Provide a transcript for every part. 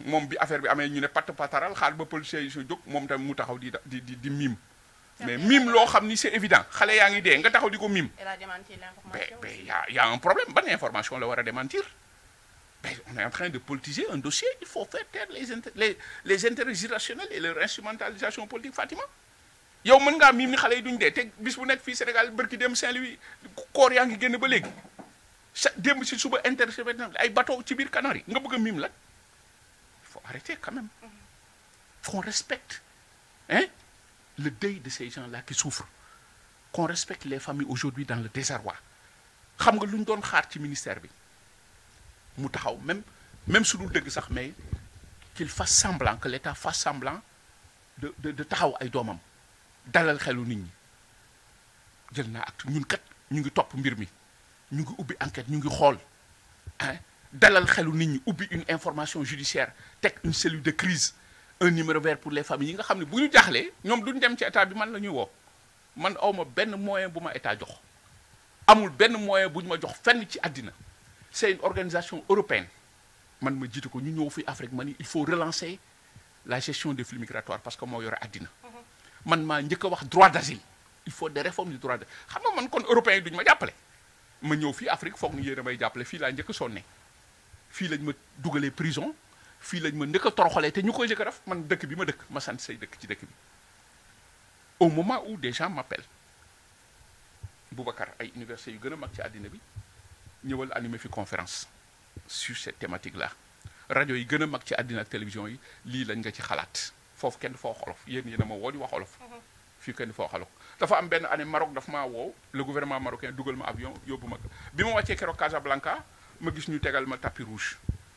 mom bi affaire bi amé ñu né pat pataral xaal ba policier yi su jóg moom tamit mu taxaw di di di di mime mais mime lo xamni c'est évident xalé yaa ngi dee nga taxaw l'information. ko mime mais ben, ben, mais y a un problème ban information la wara démentir Ben, on est en train de politiser un dossier il faut faire taire les inter les les intérêts irrationnels et leur instrumentalisation politique Fatima yow mën ngaa miim ni xale yi duñ dee te bis bu nekk fii Sénégal bërki dem Saint-Louis koor yaa ngi génn ba léegi démb si suba intercepté ay bateau ci canari. Canaries nga bëgg a miim faut arrêter quand même. Il faut qu'on respecte hein, le deuil de ces gens-là qui souffrent. Qu'on respecte les familles aujourd'hui dans le désarroi. xam nga que ñu xaar ministère même même su dul dëgg sax qu'il fasse semblant que l'État fasse semblant de de de taxaw ay doomam dalal xelu nit ñi jël na acte ñun kat ñu ngi top mbir mi ñu hein dalal xelu nit ñi ubbi une information judiciaire tek une cellule de crise un numéro vert pour les familles yi nga xamni dire, bu ñu jaaxlee ñoom duñ dem ci état bi man la wo man awma ben moyen bu état jox amul ben moyen buñ ma jox fenn ci Adina. c'est une organisation européenne man ma dis ko ñu ñëw fi Afrique il faut relancer la gestion des flux migratoires parce que nous avons adina man ma ñëk wax droit d'asile il faut des réformes du droit d'asile xam nga man kon européens duñ ma jappalé ma ñëw fi Afrique foog ñu yéen a may jàppale fii laa fi lañ ma dugalee prison fi lañ ma njëkk a té ñukoy ñu koy man dëkk bi ma dëkk ma sant say dëkk ci dëkk bi au moment où des gens m'appellent Boubacar ay université yu gëna mag ci adina bi ñëwal animer fi conférence sur cette thématique là Radio yi gëna mag ci adina ak télévision yi li lañ nga ci xalaat fofu kenn fo xolof yeen yi a ma woo ñu wax olof mhm. kenn fo xolof dafa am benn année Maroc daf ma wo le gouvernement marocain dugal ma avion yobuma bima bi ma Casablanca ma gis ñu tegal ma tapis rouge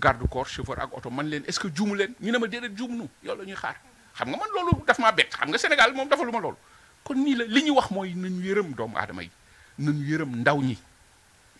garde corps chauffeur ak oto man leen est-ce que jumu leen ñu ne ma déedéet juum nu yow la ñuy xaar xam nga man loolu daf maa bett xam nga Sénégal moom dafa lu ma loolu kon nii la li ñu wax mooy nañu yërëm doomu aadama yi nañu yërëm ndaw ñi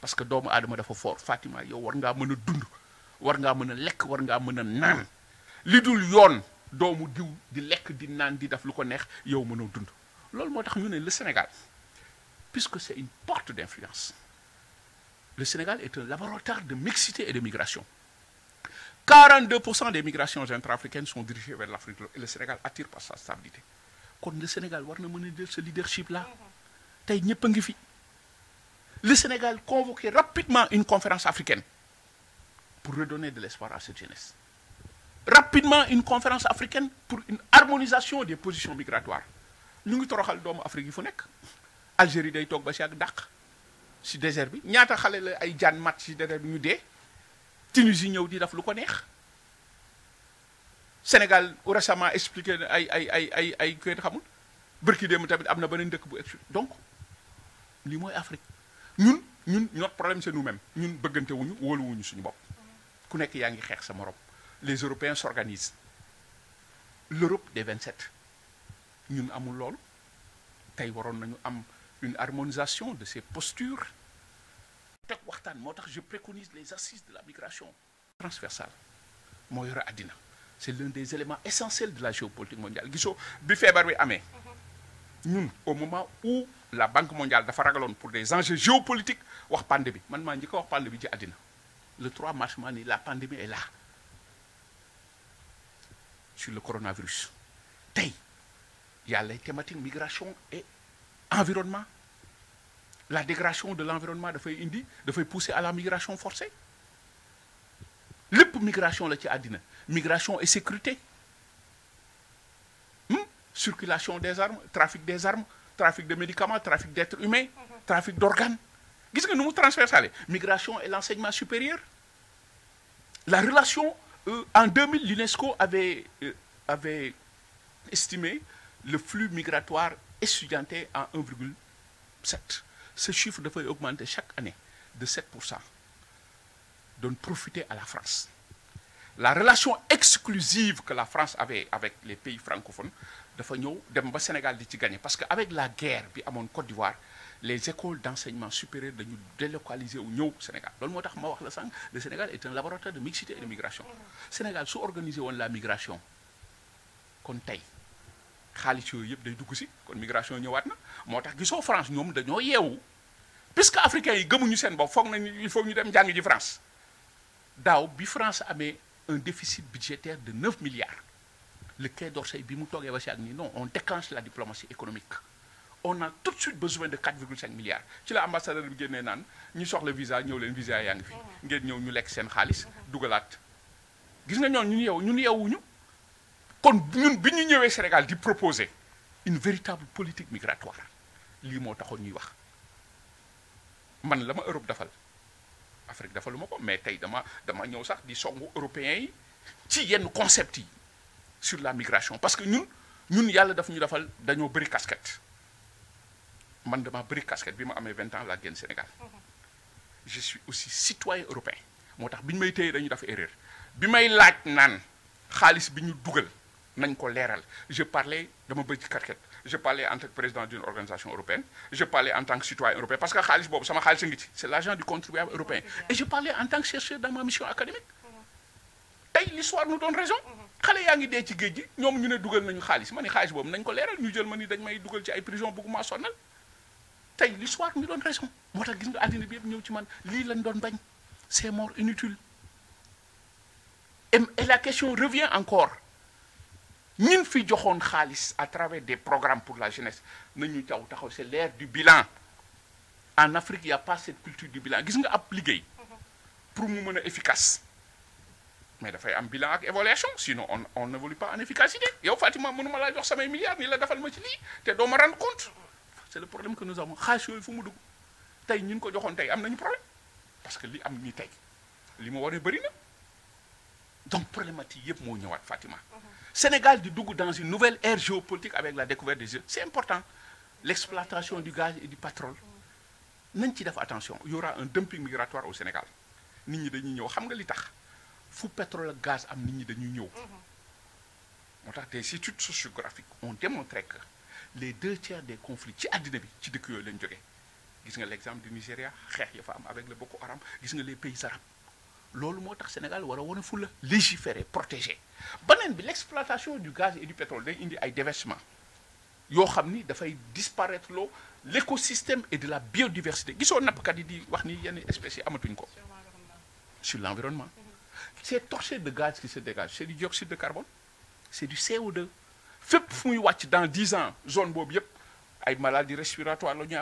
parce que doomu aadama dafa fort Fatima yow war ngaa mën a dund war ngaa mën a lekk war ngaa mën a naan li dul yoon doomu diw di lekk di naan di def lu ko neex yow mënoo dund loolu moo tax ñu ne le Sénégal puisque c'est une porte d'influence le Sénégal est un laboratoire de mixité et de migration. 42% des migrations intra-africaines sont dirigées vers l'Afrique et le Sénégal attire par sa stabilité. Quand le Sénégal doit mener ce leadership-là, le Sénégal convoquait rapidement une conférence africaine pour redonner de l'espoir à cette jeunesse. Rapidement une conférence africaine pour une harmonisation des positions migratoires. Nous avons Afrique, Algérie, si désert bi ñaata xalé la ay jaan mat si désert bi ñu dé Tunisie ñëw di daf lu ko neex Sénégal récemment expliqué ay ay ay ay ay kenn xamul bërki démb tamit amna na dëkk bu donc li moy Afrique ñun ñun notre problème c'est nous-mêmes ñun bëggante wuñu wuñu suñu bop ku nekk yaangi xex sa morom les Européens s'organisent l'Europe des 27 ñun amul lool tay waron nañu am une harmonisation de ces postures je préconise les assises de la migration transversale c'est l'un des éléments essentiels de la géopolitique mondiale au moment où la banque mondiale dafa pour des enjeux géopolitiques wax pandémie man a wax pandémie le 3 mars la pandémie est là sur le coronavirus il y a les thématiques migration et environnement la dégradation de l'environnement dafay indi fait pousser à la migration forcée L'UP migration la migration et sécurité hmm? circulation des armes trafic des armes trafic de médicaments trafic d'êtres humains trafic d'organes Qu'est-ce que nous nous transférons migration et l'enseignement supérieur la relation euh, en 2000 l'UNESCO avait euh, avait estimé le flux migratoire estudiantin à 1,7 ce chiffre devait augmenter chaque année de 7 pour profiter à la France la relation exclusive que la France avait avec les pays francophones devait ñëw Sénégal di parce qu'avec la guerre à mon Côte d'Ivoire les écoles d'enseignement supérieur dañu délocaliser au Sénégal le Sénégal est un laboratoire de mixité et de migration Sénégal su organisé la migration kon xaalis yëpp day dugg si kon migration ñëwaat na moo tax gisoo France ñoom dañoo yeewu puisque africains yi gëmuñu seen bopp foog il faut ñu dem jàng ji France daaw bi France amee un déficit budgétaire de 9 milliards le Quai d'Orsay bi mu ak non on déclenche la diplomatie économique on a tout de suite besoin de 4,5 milliards ci la ambassadeur bi génnee naan ñu le visa ñëw leen visa yaa ngi fi mm-hmm. ngeen ñëw ñu lekk seen xaalis dugalaat gis nga ñoon ñun yeewu ñun yeewuñu kon ñun bi ñu Sénégal di proposer une véritable politique migratoire lii moo taxoon ñuy wax man la ma Europe dafal Afrique dafalu ma ko mais tey dama dama ñëw sax di songu européens yi ci yenn concept sur la migration parce que ñun ñun nous daf ñu defal dañoo bëri casquette man dama bëri casquette bi ma 20 vingt ans la génn Sénégal je suis aussi citoyen européen moo tax bi ñu may téye dañu def erreur bi may laaj naan xaalis bi ñu dugal je parlais de ma ci carquette. je parlais en tant que président d'une organisation européenne je parlais en tant que citoyen européen parce que khalif bob sama c'est l'agent du contribuable européen et je parlais en tant que chercheur dans ma mission académique Et l'histoire nous donne raison xale yaa ngi dee ci géej gi ñoom ñu ne dugal nañu xaalis ma ne xaalis boobu nañ ko leeral ñu jël ma ni dañ may dugal ci ay prison bëgguma sonal tey l'histoire nous donne raison moo tax gis nga bi nous ci man lii lañ c'est mort inutile et la question revient encore ñun fi joxone xaalis à travers des programmes pour la jeunesse nañu taw taxaw c'est l'ère du bilan en Afrique il y a pas cette culture du bilan gis nga app liguey pour mu meuna efficace mais da fay am bilan ak évaluation sinon on on n'évolue pas en efficacité yow Fatima mënuma laa jox sama milliards ni la dafal ma ci li te do ma rendre compte c'est le problème que nous avons xaalis yooyu fu mu dugg tey ñun ko joxone tay am nañu problème parce que li am ni tay li mo war a na donc problématique yëpp mo ñëwaat Fatima Sénégal de Dougou dans une nouvelle ère géopolitique avec la découverte des yeux. C'est important. L'exploitation du gaz et du pétrole. Nous ci faire attention il y aura un dumping migratoire au Sénégal nit ñi dañuy ñëw xam nga li tax fu pétrole le gaz am nit de dañuy ñëw a des études sociographiques ont démontré que les deux tiers des conflits qui ont bi ci dëkk l'exemple du Nigeria avec le Boko Haram les pays arabes ce que le Sénégal war a légiférer protéger l'exploitation du gaz et du pétrole il indi ay déversement yoo Il faut disparaître l'eau, l'écosystème et de la biodiversité gisoo nappkat di wax ni yenn sur l'environnement C'est torché de gaz qui se dégage. c'est du dioxyde de carbone c'est du CO2 dans 10 ans zone y a ay maladies respiratoires la ñu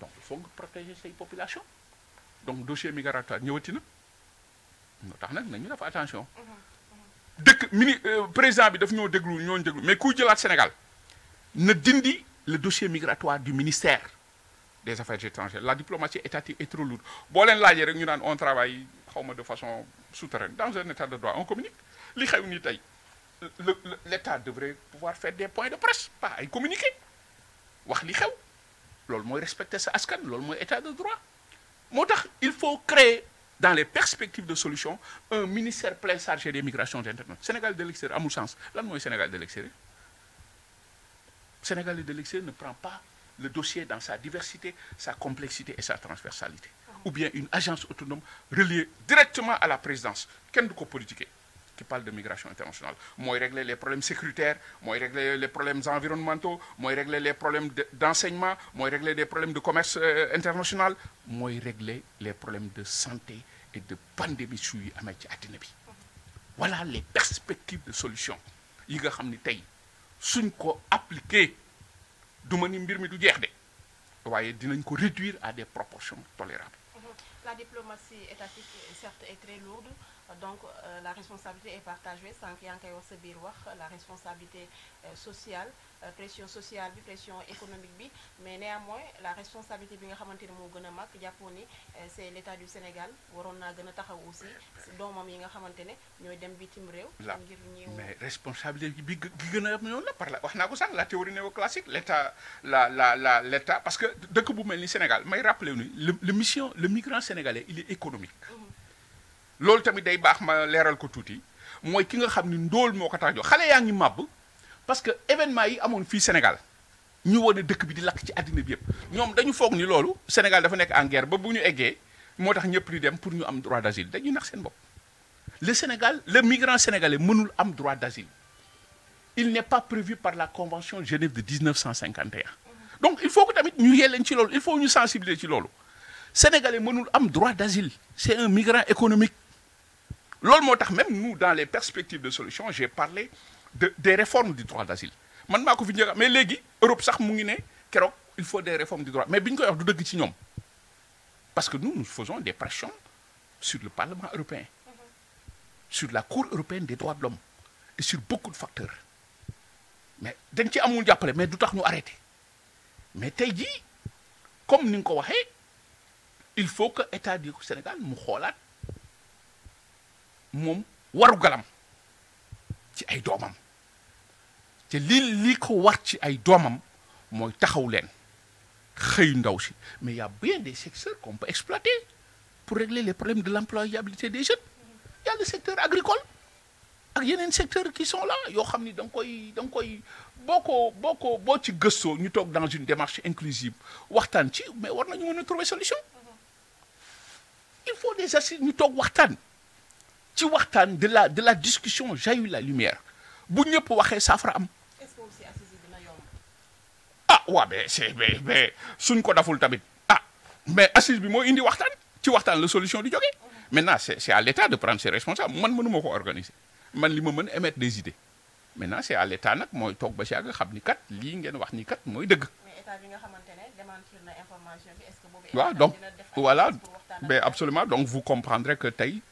donc il faut protéger ces populations donc dossier migratoire nous na moo nak nag nañu def attention mhm, mhm. dëkk mini euh, président bi daf ñoo déglu ñoo déglu mais kuy jëlaat Sénégal na dindi le dossier migratoire du ministère des affaires étrangères la diplomatie étatique est trop lourde Si on travaille de façon souterraine dans un état de droit on communique L'État devrait pouvoir faire des points de presse pas ay communiquer wax li xew lool moy respecter sa askan lool moy état de droit il faut créer dans les perspectives de solution un ministère plein chargé des migrations internes Sénégal de l'extérieur mon sens lan Sénégal de l'extérieur Sénégal de l'extérieur ne prend pas le dossier dans sa diversité sa complexité et sa transversalité ah. ou bien une agence autonome reliée directement à la présidence Qu'est-ce du ko qui parle de migration internationale Moi, régler les problèmes sécuritaires Moi, régler les problèmes environnementaux Moi, régler les problèmes d'enseignement Moi, régler les problèmes de commerce euh, international Moi, régler les problèmes de santé et de pandémie voilà les perspectives de solution Il y a des qui sont appliquer nous réduire à des proportions tolérables la diplomatie étatique certes est très lourde donc euh, la responsabilité est partagée Sans qu'il y ait un la responsabilité euh, sociale euh, pression sociale bi pression économique bi mais néanmoins la responsabilité bi nga xamante ne moo gën a mag jàppoon ni euh, c' est l' état du Sénégal waroon naa gën a taxaw aussi doomam yi nga xamante ne ñooy dem bitim réew. ngir ñëw mais responsabilité bi gi gën a am ñoom la par la wax naa ko la théorie néoclassique l' état la la la l' état parce que dëkk bu mel ni Sénégal may rappelé ni le mission le migrant sénégalais il est économique. Mhm. loolu tamit day baax ma leeral ko tuuti mooy ki nga xam ni ndóol moo ko tax jox xale yaa ngi màbb parce que événement yi amone fi Sénégal ñu wone dëkk bi di lakk ci adina bi yëpp ñom dañu fogg ni loolu Sénégal dafa nekk en guerre ba bu ñu eggee moo ñëpp di dem pour ñu am droit d'asile dañu nax seen bop le Sénégal le migrant sénégalais mënul am droit d'asile il n'est pas prévu par la convention de Genève de 1951 donc il faut que tamit ñu yee ci loolu il faut ñu sensibiliser ci loolu sénégalais mënul am droit d'asile c'est un migrant économique motax même nous dans les perspectives de solution j'ai parlé des réformes du droit d'asile Maintenant, mako mais légui Europe sax mu ngi il faut des réformes du droit mais il faut koy wax du dëgg ci parce que nous nous faisons des pressions sur le Parlement européen mm-hmm. sur la Cour européenne des droits de l'homme et sur beaucoup de facteurs mais dañ ci amul jappalé mais du tax ñu arrêté mais tay ji comme nous nga ko il faut que état du Sénégal mu xoolaat mom waru galam ci ay doomam c'est li li ko war ci ay il moy taxaw len xey ndaw ci mais y a bien des secteurs qu'on peut exploiter pour régler les problèmes de l'employabilité des jeunes Il y a le secteur agricole a des secteurs qui sont là yo y dang beaucoup beaucoup koy dang koy boko ci ñu dans une démarche inclusive waxtaan ci mais war nañu trouver solution il faut des assises ñu tok waxtaan ci waxtaan de la de la discussion jaillit la lumière bu ñëpp waxé saafara am ouais mais c'est mais ben suñ ko daful tamit ah mais assise bi mo indi waxtaan ci waxtaan la solution du jógee maintenant c'est c'est à l'État de prendre ses responsables man mënuma moko organiser man li ma mën émettre des idées maintenant c'est à l'État nak moy tok ba si àgg xam kat li ngeen wax ni kat moy deug mais état bi nga xamantene demande démentir na information bi est-ce que boobu. état dina voilà ben, mais absolument donc vous comprendrez que tay